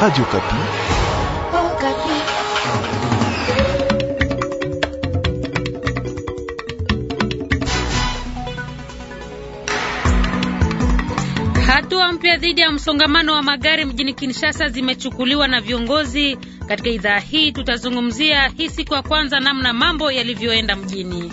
Radio Kapi. Oh, Kapi. Hatua mpya dhidi ya msongamano wa magari mjini Kinshasa zimechukuliwa na viongozi. Katika idhaa hii tutazungumzia hii siku ya kwanza namna mambo yalivyoenda mjini.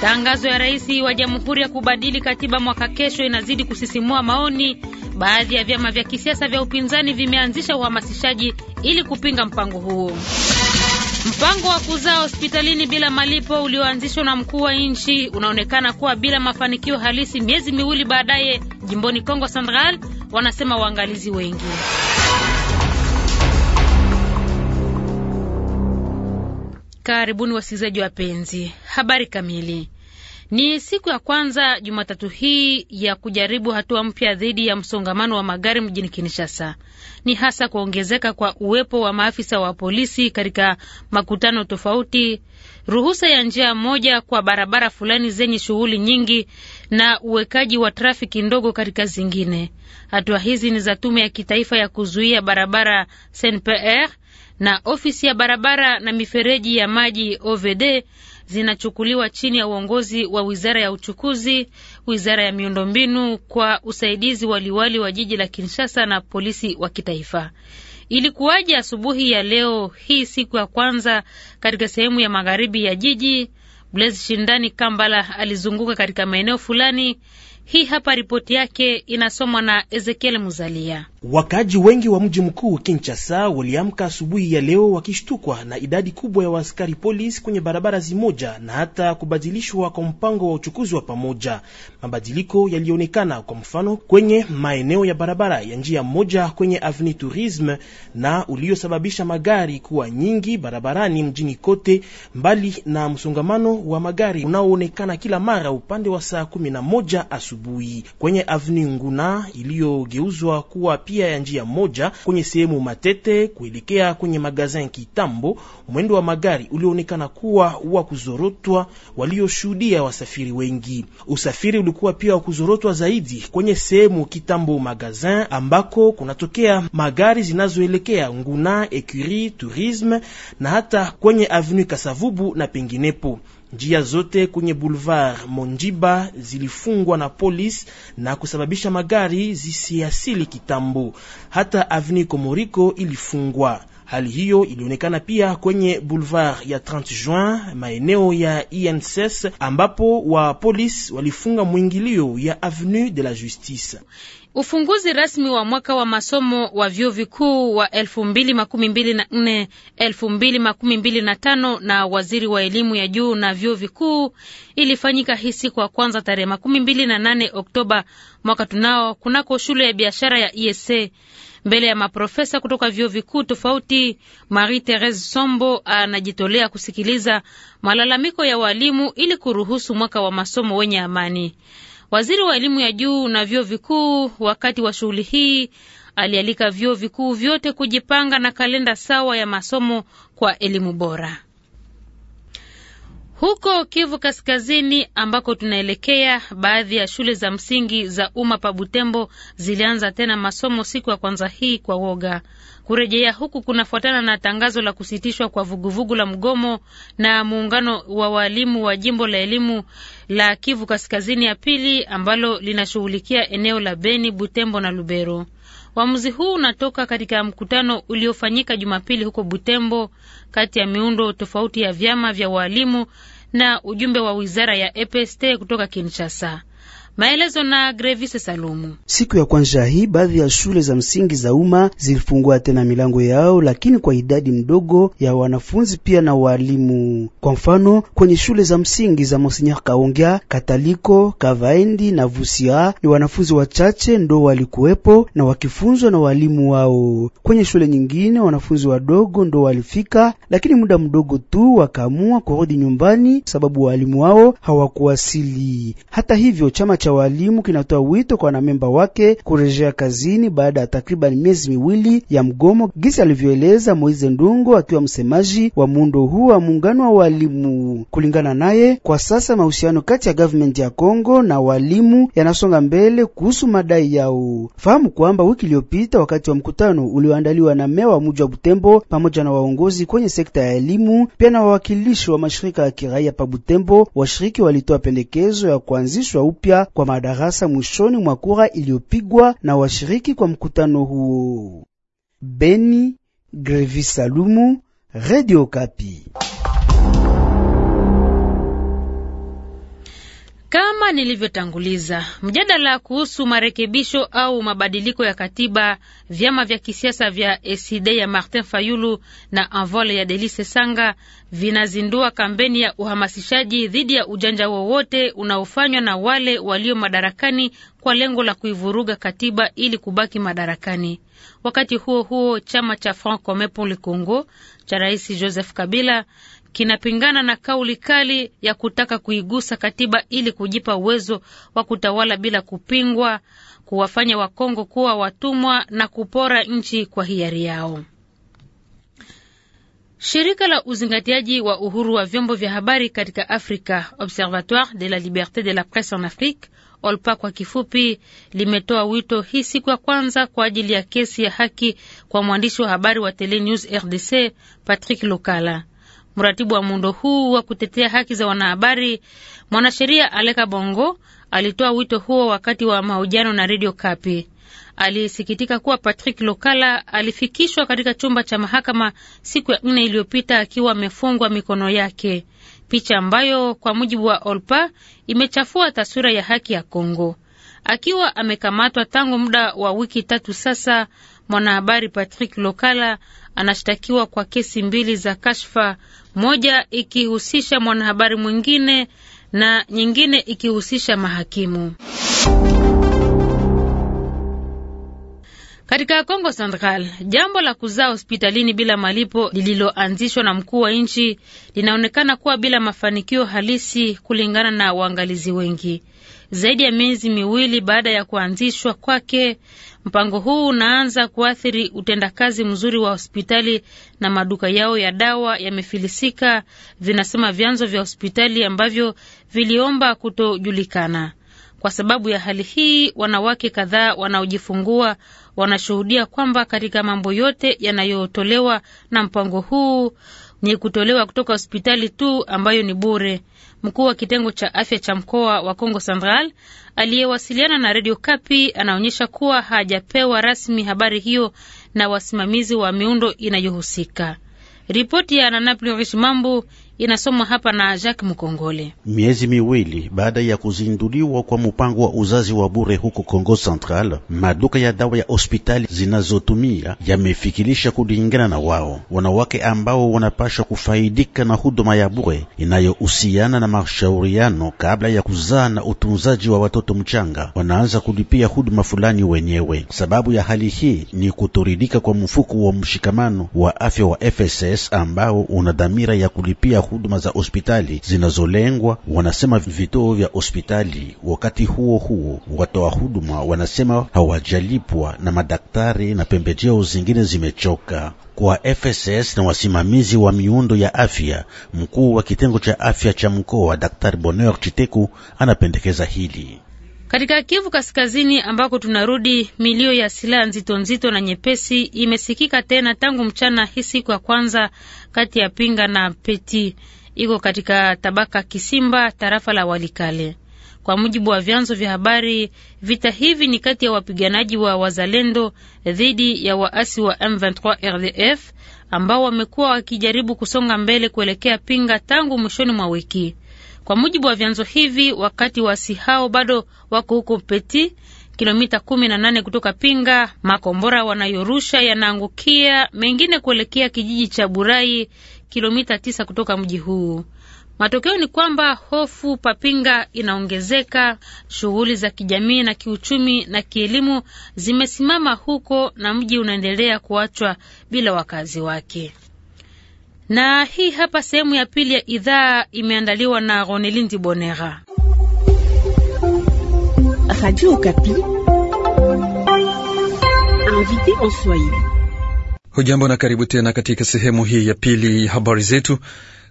Tangazo ya rais wa Jamhuri ya kubadili katiba mwaka kesho inazidi kusisimua maoni. Baadhi ya vyama vya kisiasa vya upinzani vimeanzisha uhamasishaji ili kupinga mpango huo. Mpango wa kuzaa hospitalini bila malipo ulioanzishwa na mkuu wa nchi unaonekana kuwa bila mafanikio halisi miezi miwili baadaye jimboni Kongo Central, wanasema waangalizi wengi. Karibuni wasikilizaji wapenzi, habari kamili. Ni siku ya kwanza Jumatatu hii ya kujaribu hatua mpya dhidi ya msongamano wa magari mjini Kinshasa. Ni hasa kuongezeka kwa uwepo wa maafisa wa polisi katika makutano tofauti, ruhusa ya njia moja kwa barabara fulani zenye shughuli nyingi na uwekaji wa trafiki ndogo katika zingine. Hatua hizi ni za tume ya kitaifa ya kuzuia barabara SNPR na ofisi ya barabara na mifereji ya maji OVD zinachukuliwa chini ya uongozi wa wizara ya uchukuzi, wizara ya miundombinu kwa usaidizi wa liwali wa jiji la Kinshasa na polisi wa kitaifa. Ilikuwaje asubuhi ya leo hii, siku ya kwanza katika sehemu ya magharibi ya jiji? Blaise Shindani Kambala alizunguka katika maeneo fulani hii hapa ripoti yake inasomwa na Ezekiel Muzalia. Wakaaji wengi wa mji mkuu Kinshasa waliamka asubuhi ya leo wakishtukwa na idadi kubwa ya waaskari polisi kwenye barabara zimoja na hata kubadilishwa kwa mpango wa uchukuzi wa pamoja. Mabadiliko yalionekana kwa mfano kwenye maeneo ya barabara ya njia moja kwenye Avni Tourisme na uliosababisha magari kuwa nyingi barabarani mjini kote, mbali na msongamano wa magari unaoonekana kila mara upande wa saa 11 asubuhi asubuhi kwenye avni Nguna iliyogeuzwa kuwa pia ya njia moja kwenye sehemu Matete kuelekea kwenye magazin Kitambo. Mwendo wa magari ulioonekana kuwa wa kuzorotwa, walioshuhudia wasafiri wengi. Usafiri ulikuwa pia wa kuzorotwa zaidi kwenye sehemu Kitambo magazin ambako kunatokea magari zinazoelekea Nguna, Ecurie Tourisme na hata kwenye avni Kasavubu na penginepo. Njia zote kwenye Boulevard Monjiba zilifungwa na polisi na kusababisha magari zisiasili kitambo. Hata Avni Komoriko ilifungwa. Hali hiyo ilionekana pia kwenye Boulevard ya 30 Juin, maeneo ya INSS ambapo wa polisi walifunga mwingilio ya Avenue de la Justice. Ufunguzi rasmi wa mwaka wa masomo wa vyuo vikuu wa 2024 2025 na waziri wa elimu ya juu na vyuo vikuu ilifanyika hii siku ya kwanza tarehe 28 Oktoba mwaka tunao kunako shule ya biashara ya ESA mbele ya maprofesa kutoka vyuo vikuu tofauti. Marie Therese Sombo anajitolea kusikiliza malalamiko ya walimu ili kuruhusu mwaka wa masomo wenye amani. Waziri wa elimu ya juu na vyuo vikuu, wakati wa shughuli hii, alialika vyuo vikuu vyote kujipanga na kalenda sawa ya masomo kwa elimu bora. Huko Kivu Kaskazini ambako tunaelekea, baadhi ya shule za msingi za umma pa Butembo zilianza tena masomo siku ya kwanza hii kwa woga. Kurejea huku kunafuatana na tangazo la kusitishwa kwa vuguvugu la mgomo na muungano wa walimu wa jimbo la elimu la Kivu Kaskazini ya pili ambalo linashughulikia eneo la Beni, Butembo na Lubero. Uamuzi huu unatoka katika mkutano uliofanyika Jumapili huko Butembo kati ya miundo tofauti ya vyama vya walimu na ujumbe wa wizara ya EPST kutoka Kinshasa. Maelezo na Grevis Salumu. Siku ya kwanza hii baadhi ya shule za msingi za umma zilifungua tena milango yao, lakini kwa idadi mdogo ya wanafunzi pia na walimu. Kwa mfano, kwenye shule za msingi za Monsignor kaongea Kataliko, Kavaendi na Vusia ni wanafunzi wachache ndo walikuwepo na wakifunzwa na walimu wao. Kwenye shule nyingine wanafunzi wadogo ndo walifika, lakini muda mdogo tu wakaamua kurudi nyumbani sababu walimu wao hawakuwasili. Hata hivyo chama cha walimu kinatoa wito kwa wanamemba wake kurejea kazini baada ya takriban miezi miwili ya mgomo, gisi alivyoeleza Moize Ndungo akiwa msemaji wa muundo huu wa muungano wa walimu. Kulingana naye, kwa sasa mahusiano kati ya government ya Kongo na walimu yanasonga mbele kuhusu madai yao. Fahamu kwamba wiki iliyopita wakati wa mkutano ulioandaliwa na meya wa mji wa Butembo pamoja na waongozi kwenye sekta ya elimu pia na wawakilishi wa mashirika ya kiraia pa Butembo, washiriki walitoa pendekezo ya kuanzishwa upya kwa madarasa mwishoni mwa kura iliyopigwa na washiriki kwa mkutano huo. Beni, Grevi Salumu, Radio Kapi. Kama nilivyotanguliza, mjadala kuhusu marekebisho au mabadiliko ya katiba, vyama vya kisiasa vya ECD ya Martin Fayulu na Envol ya Delice Sanga vinazindua kampeni ya uhamasishaji dhidi ya ujanja wowote unaofanywa na wale walio madarakani kwa lengo la kuivuruga katiba ili kubaki madarakani. Wakati huo huo, chama cha Front Commun pour le Congo cha Rais Joseph Kabila kinapingana na kauli kali ya kutaka kuigusa katiba ili kujipa uwezo wa kutawala bila kupingwa, kuwafanya Wakongo kuwa watumwa na kupora nchi kwa hiari yao. Shirika la uzingatiaji wa uhuru wa vyombo vya habari katika Afrika, Observatoire de la Liberté de la Presse en Afrique, OLPA kwa kifupi, limetoa wito hii siku ya kwanza kwa ajili ya kesi ya haki kwa mwandishi wa habari wa News RDC Patrick Lokala. Mratibu wa muundo huu wa kutetea haki za wanahabari, mwanasheria Aleka Bongo alitoa wito huo wakati wa mahojiano na redio Kapi. Alisikitika kuwa Patrick Lokala alifikishwa katika chumba cha mahakama siku ya nne iliyopita akiwa amefungwa mikono yake, picha ambayo kwa mujibu wa Olpa imechafua taswira ya haki ya Kongo. Akiwa amekamatwa tangu muda wa wiki tatu sasa, Mwanahabari Patrick Lokala anashtakiwa kwa kesi mbili za kashfa, moja ikihusisha mwanahabari mwingine na nyingine ikihusisha mahakimu. Katika Kongo Central, jambo la kuzaa hospitalini bila malipo lililoanzishwa na mkuu wa nchi linaonekana kuwa bila mafanikio halisi kulingana na waangalizi wengi. Zaidi ya miezi miwili baada ya kuanzishwa kwake, mpango huu unaanza kuathiri utendakazi mzuri wa hospitali na maduka yao ya dawa yamefilisika, vinasema vyanzo vya hospitali ambavyo viliomba kutojulikana. Kwa sababu ya hali hii, wanawake kadhaa wanaojifungua wanashuhudia kwamba katika mambo yote yanayotolewa na mpango huu ni kutolewa kutoka hospitali tu ambayo ni bure. Mkuu wa kitengo cha afya cha mkoa wa congo Central aliyewasiliana na Radio Kapi anaonyesha kuwa hajapewa rasmi habari hiyo na wasimamizi wa miundo inayohusika. Ripoti ya Ananaplurish Mambo inasomwa hapa na Jacques Mkongole. Miezi miwili baada ya kuzinduliwa kwa mpango wa uzazi wa bure huko congo Central, maduka ya dawa ya hospitali zinazotumia yamefikilisha kulingana na wao wanawake ambao wanapasha kufaidika na huduma ya bure inayohusiana na mashauriano kabla ya kuzaa na utunzaji wa watoto mchanga, wanaanza kulipia huduma fulani wenyewe. Sababu ya hali hii ni kutoridika kwa mfuko wa mshikamano wa afya wa FSS ambao una dhamira ya kulipia huduma za hospitali zinazolengwa, wanasema vituo vya hospitali. Wakati huo huo, watoa huduma wanasema hawajalipwa na madaktari na pembejeo zingine zimechoka kwa FSS na wasimamizi wa miundo ya afya. Mkuu wa kitengo cha afya cha mkoa Daktari Bonheur Chiteku anapendekeza hili. Katika Kivu Kaskazini ambako tunarudi, milio ya silaha nzito nzito na nyepesi imesikika tena tangu mchana hii siku ya kwanza kati ya Pinga na Peti, iko katika tabaka Kisimba, tarafa la Walikale. Kwa mujibu wa vyanzo vya habari, vita hivi ni kati ya wapiganaji wa wazalendo dhidi ya waasi wa M23 RDF ambao wamekuwa wakijaribu kusonga mbele kuelekea Pinga tangu mwishoni mwa wiki. Kwa mujibu wa vyanzo hivi, wakati waasi hao bado wako huko Peti, kilomita kumi na nane kutoka Pinga, makombora wanayorusha yanaangukia mengine kuelekea kijiji cha Burai, kilomita tisa kutoka mji huu. Matokeo ni kwamba hofu papinga inaongezeka, shughuli za kijamii na kiuchumi na kielimu zimesimama huko, na mji unaendelea kuachwa bila wakazi wake na hii hapa sehemu ya pili ya idhaa imeandaliwa na Ronelindi Bonera. Hujambo na karibu tena katika sehemu hii ya pili ya habari zetu.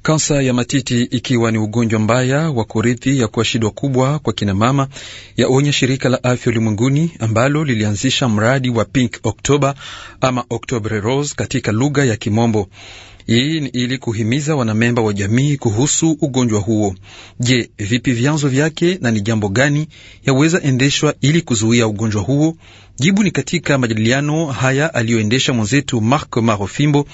Kansa ya matiti ikiwa ni ugonjwa mbaya wa kurithi ya kuwa shida kubwa kwa kinamama yaonya shirika la afya ulimwenguni ambalo lilianzisha mradi wa Pink October ama October Rose katika lugha ya Kimombo. Hii ni ili kuhimiza wanamemba wa jamii kuhusu ugonjwa huo. Je, vipi vyanzo vyake na ni jambo gani yaweza endeshwa ili kuzuia ugonjwa huo? Jibu ni katika majadiliano haya aliyoendesha mwenzetu Mark Marofimbo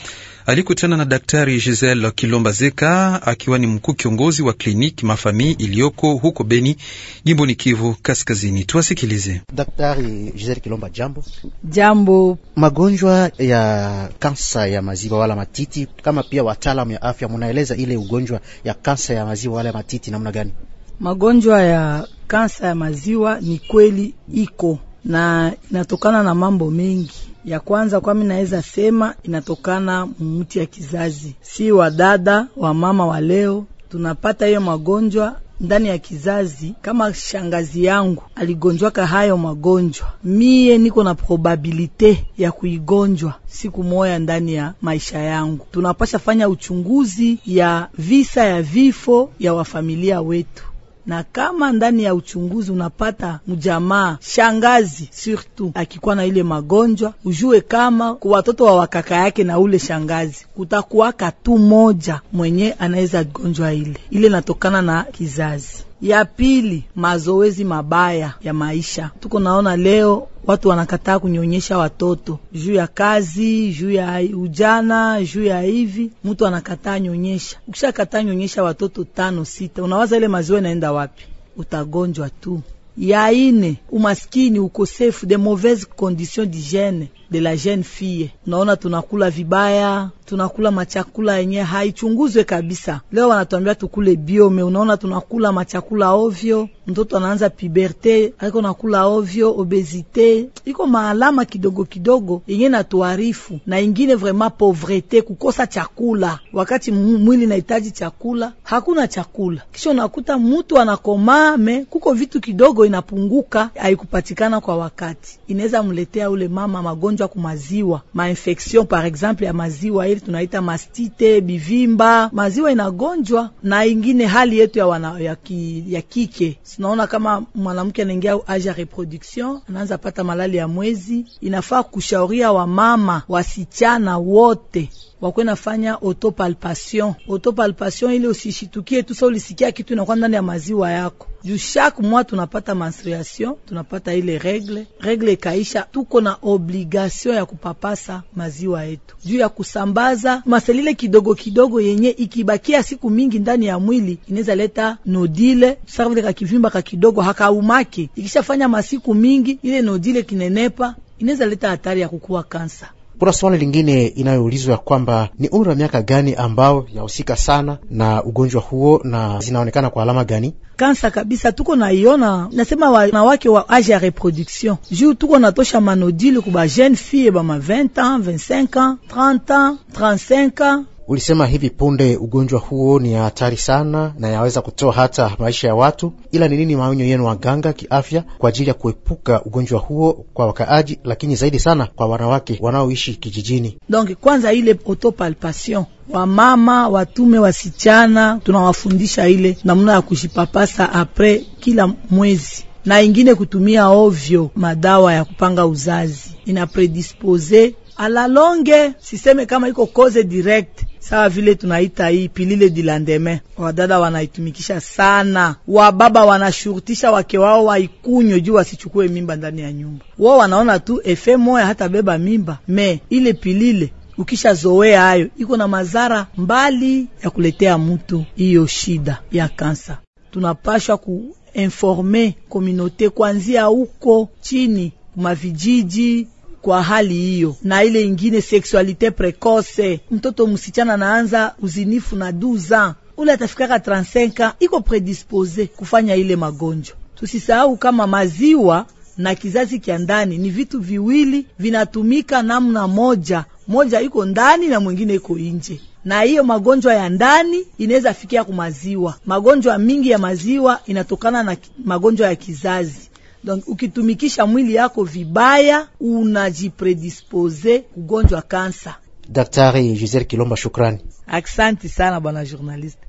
alikutana na Daktari Giselle Kilomba Zeka akiwa ni mkuu kiongozi wa kliniki Mafamii iliyoko huko Beni, jimboni Kivu Kaskazini. Tuwasikilize. Daktari Giselle Kilomba, jambo. Jambo. Magonjwa ya kansa ya maziwa wala matiti, kama pia wataalamu ya afya, munaeleza ile ugonjwa ya kansa ya maziwa wala matiti namna gani? Magonjwa ya kansa ya maziwa ni kweli iko na inatokana na mambo mengi. Ya kwanza kwami naweza sema inatokana mumuti ya kizazi, si wadada wa mama wa leo tunapata hiyo magonjwa ndani ya kizazi. Kama shangazi yangu aligonjwaka hayo magonjwa, mie niko na probabilite ya kuigonjwa siku moya ndani ya maisha yangu. Tunapasha fanya uchunguzi ya visa ya vifo ya wafamilia wetu na kama ndani ya uchunguzi unapata mjamaa shangazi surtout akikuwa na ile magonjwa, ujue kama kwa watoto wa wakaka yake na ule shangazi kutakuwaka tu moja mwenye anaweza gonjwa ile ile, natokana na kizazi. Ya pili, mazoezi mabaya ya maisha. Tuko naona leo watu wanakataa kunyonyesha watoto juu ya kazi, juu ya ujana, juu ya hivi, mtu anakataa nyonyesha. Ukishakataa nyonyesha watoto tano sita, unawaza ile maziwa inaenda wapi? Utagonjwa tu. Ya ine, umaskini, ukosefu de mauvaise condition d'hygiene de la jeune fille. Unaona, tunakula vibaya, tunakula machakula yenye haichunguzwe kabisa. Leo wanatuambia tukule biome, unaona tunakula machakula ovyo mtoto anaanza puberte, aiko nakula ovyo, obezite, iko maalama kidogo kidogo yenye natuarifu, na ingine vraiment pauvrete, kukosa chakula wakati mwili nahitaji chakula, hakuna chakula. Kisha unakuta mutu anakomaa me kuko vitu kidogo inapunguka, haikupatikana kwa wakati, inaweza mletea ule mama magonjwa kumaziwa, mainfection par exemple ya maziwa, ili tunaita mastite, bivimba, maziwa inagonjwa, na ingine hali yetu ya, wana, ya, ki, ya kike sinaona kama mwanamke anaingia age ya reproduction, anaanza pata malali ya mwezi. Inafaa kushauria wamama wasichana wote wakwe nafanya autopalpation. Autopalpation ile usishitukie tu, sasa ulisikia kitu inakuwa ndani ya maziwa yako juu chaque mois tunapata menstruation, tunapata ile regle regle ikaisha, tuko na obligation ya kupapasa maziwa yetu juu ya kusambaza maselile kidogo kidogo, yenye ikibakia siku mingi ndani ya mwili inaweza leta nodile sarvile kivimba ka kidogo hakaumaki, ikishafanya masiku mingi ile nodile kinenepa, inaweza leta hatari ya kukua kansa. Kuna swali lingine inayoulizwa ya kwamba ni umri wa miaka gani ambao yahusika sana na ugonjwa huo na zinaonekana kwa alama gani? Kansa kabisa tuko naiona, nasema wanawake wa age ya reproduction juu tuko natosha manodili kuba jeune fille bama 20 ans 25 ans 30 ans 35 ans Ulisema hivi punde ugonjwa huo ni hatari sana na yaweza kutoa hata maisha ya watu, ila ni nini maonyo yenu waganga kiafya kwa ajili ya kuepuka ugonjwa huo kwa wakaaji, lakini zaidi sana kwa wanawake wanaoishi kijijini? Donc kwanza ile autopalpation wamama watume wasichana, tunawafundisha ile namna ya kushipapasa apres kila mwezi, na ingine kutumia ovyo madawa ya kupanga uzazi ina predispose alalonge, siseme kama iko cause direct sawa vile tunaita hii pilile di landeme. Wadada wanaitumikisha sana, wababa wanashurutisha wake wao waikunywe juu wasichukue mimba ndani ya nyumba. Wao wanaona tu efe moya hata beba mimba me, ile pilile ukishazoea hayo iko na madhara mbali ya kuletea mtu hiyo shida ya kansa. Tunapashwa kuinforme komunote kwanzia huko chini mavijiji kwa hali hiyo, na ile ingine seksualite precoce, mtoto msichana naanza uzinifu na duza ule atafikaka 35 iko predispose kufanya ile magonjwa. Tusisahau kama maziwa na kizazi kya ndani ni vitu viwili vinatumika namna moja, moja iko ndani na mwingine iko nje, na hiyo magonjwa ya ndani inaweza fikia kumaziwa. Magonjwa mingi ya maziwa inatokana na magonjwa ya kizazi Donc ukitumikisha mwili yako vibaya, unajipredispose kugonjwa kansa. Daktari Giselle Kilomba, shukrani. Aksanti sana bwana journaliste.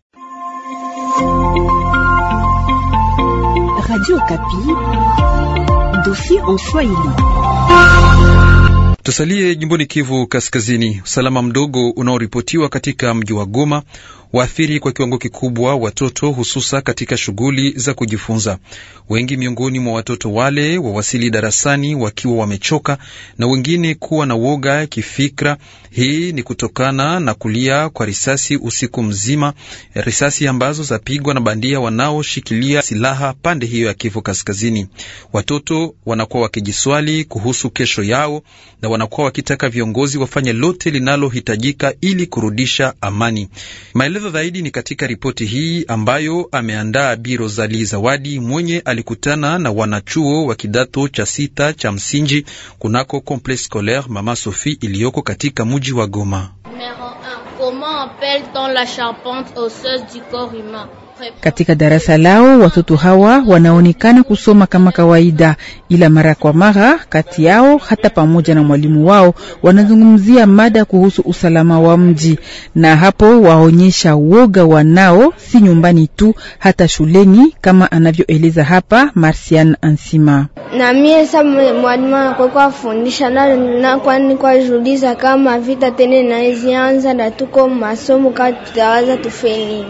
Radio Kapi, dossier en Swahili. Tusalie jimboni Kivu Kaskazini. Usalama mdogo unaoripotiwa katika mji wa Goma waathiri kwa kiwango kikubwa watoto, hususa katika shughuli za kujifunza. Wengi miongoni mwa watoto wale wawasili darasani wakiwa wamechoka na wengine kuwa na woga kifikra. Hii ni kutokana na kulia kwa risasi usiku mzima, risasi ambazo zapigwa na bandia wanaoshikilia silaha pande hiyo ya Kivu Kaskazini. Watoto wanakuwa wakijiswali kuhusu kesho yao na wanakuwa wakitaka viongozi wafanye lote linalohitajika ili kurudisha amani Maelezo Maelezo zaidi ni katika ripoti hii ambayo ameandaa Bi Rozali Zawadi mwenye alikutana na wanachuo wa kidato cha sita cha msingi kunako Complexe Scolaire Mama Sophie iliyoko katika mji wa Goma. Katika darasa lao watoto hawa wanaonekana kusoma kama kawaida, ila mara kwa mara kati yao hata pamoja na mwalimu wao wanazungumzia mada kuhusu usalama wa mji, na hapo waonyesha woga wanao, si nyumbani tu, hata shuleni, kama anavyoeleza hapa Marcian Ansima. Na mie sa mwalimu anakokuwa fundisha na, na kwani kwa juliza kama vita tena inaizianza na tuko masomo kati tutawaza tufenini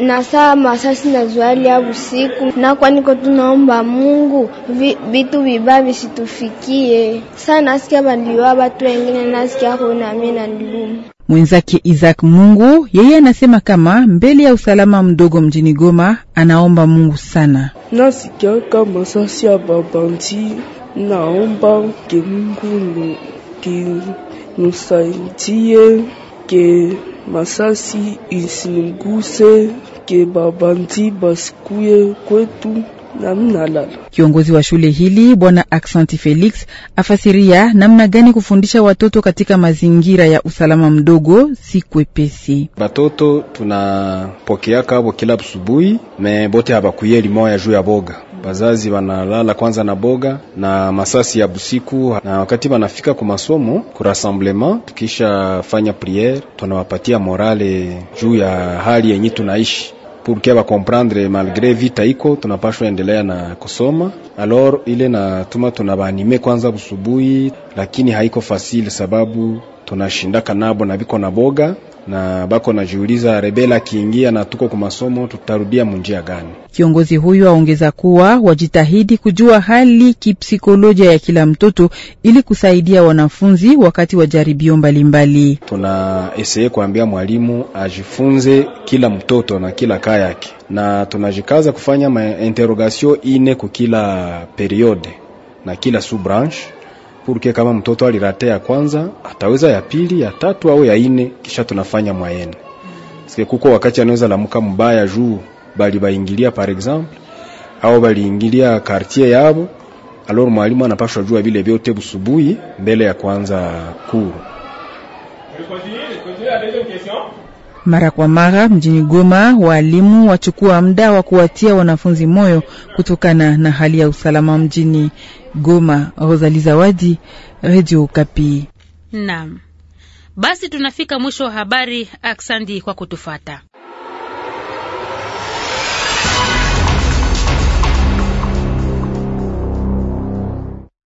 na saa masasi na zwali ya usiku, na kwa niko tunaomba Mungu vitu vibaya visitufikie. Saa nasikia baliwa batu wengine, nasikia kuna mimi na ndugu mwenzake Isaac Mungu. Yeye anasema kama mbele ya usalama mdogo mjini Goma, anaomba Mungu sana, nasikia kama sasi ya babandi, naomba ke Mungu nusaidie ke masasi isiniguse, ke babandi basikuye kwetu. Namna kiongozi wa shule hili Bwana Aksanti Felix afasiria namna gani kufundisha watoto katika mazingira ya usalama mdogo si kwepesi. Batoto tunapokeaka abo kila busubuhi me bote habakuyeli moya juu ya boga Bazazi wanalala kwanza na boga na masasi ya busiku, na wakati wanafika ku masomo ku rassemblement, tukisha fanya priere, tunawapatia morale juu ya hali yenye tunaishi purkia comprendre malgre vita iko tunapashwa endelea na kusoma. Alors ile natuma tunabaanime kwanza busubuhi, lakini haiko fasili sababu tunashindaka nabo na biko na boga na bako najiuliza rebela akiingia na tuko kwa masomo tutarudia munjia gani? Kiongozi huyu aongeza kuwa wajitahidi kujua hali kipsikolojia ya kila mtoto ili kusaidia wanafunzi wakati wa jaribio mbalimbali. Tuna eseye kuambia mwalimu ajifunze kila mtoto na kila kaa yake, na tunajikaza kufanya mainterrogatio ine kukila kila periode na kila sub branche purke kama mtoto alirate ya kwanza ataweza ya pili ya tatu au ya ine, kisha tunafanya mwayene sike. Kuko wakati anaweza lamuka mbaya juu bali baingilia par exemple au baliingilia quartier yabo, alors mwalimu anapashwa jua vile vyote busubuhi mbele ya kwanza kuru. Mara kwa mara mjini Goma, walimu wachukua muda wa kuwatia wanafunzi moyo kutokana na hali ya usalama mjini. Goma, Rosalie Zawadi, Radio Kapi. Naam, basi tunafika mwisho wa habari. Aksandi kwa kutufata.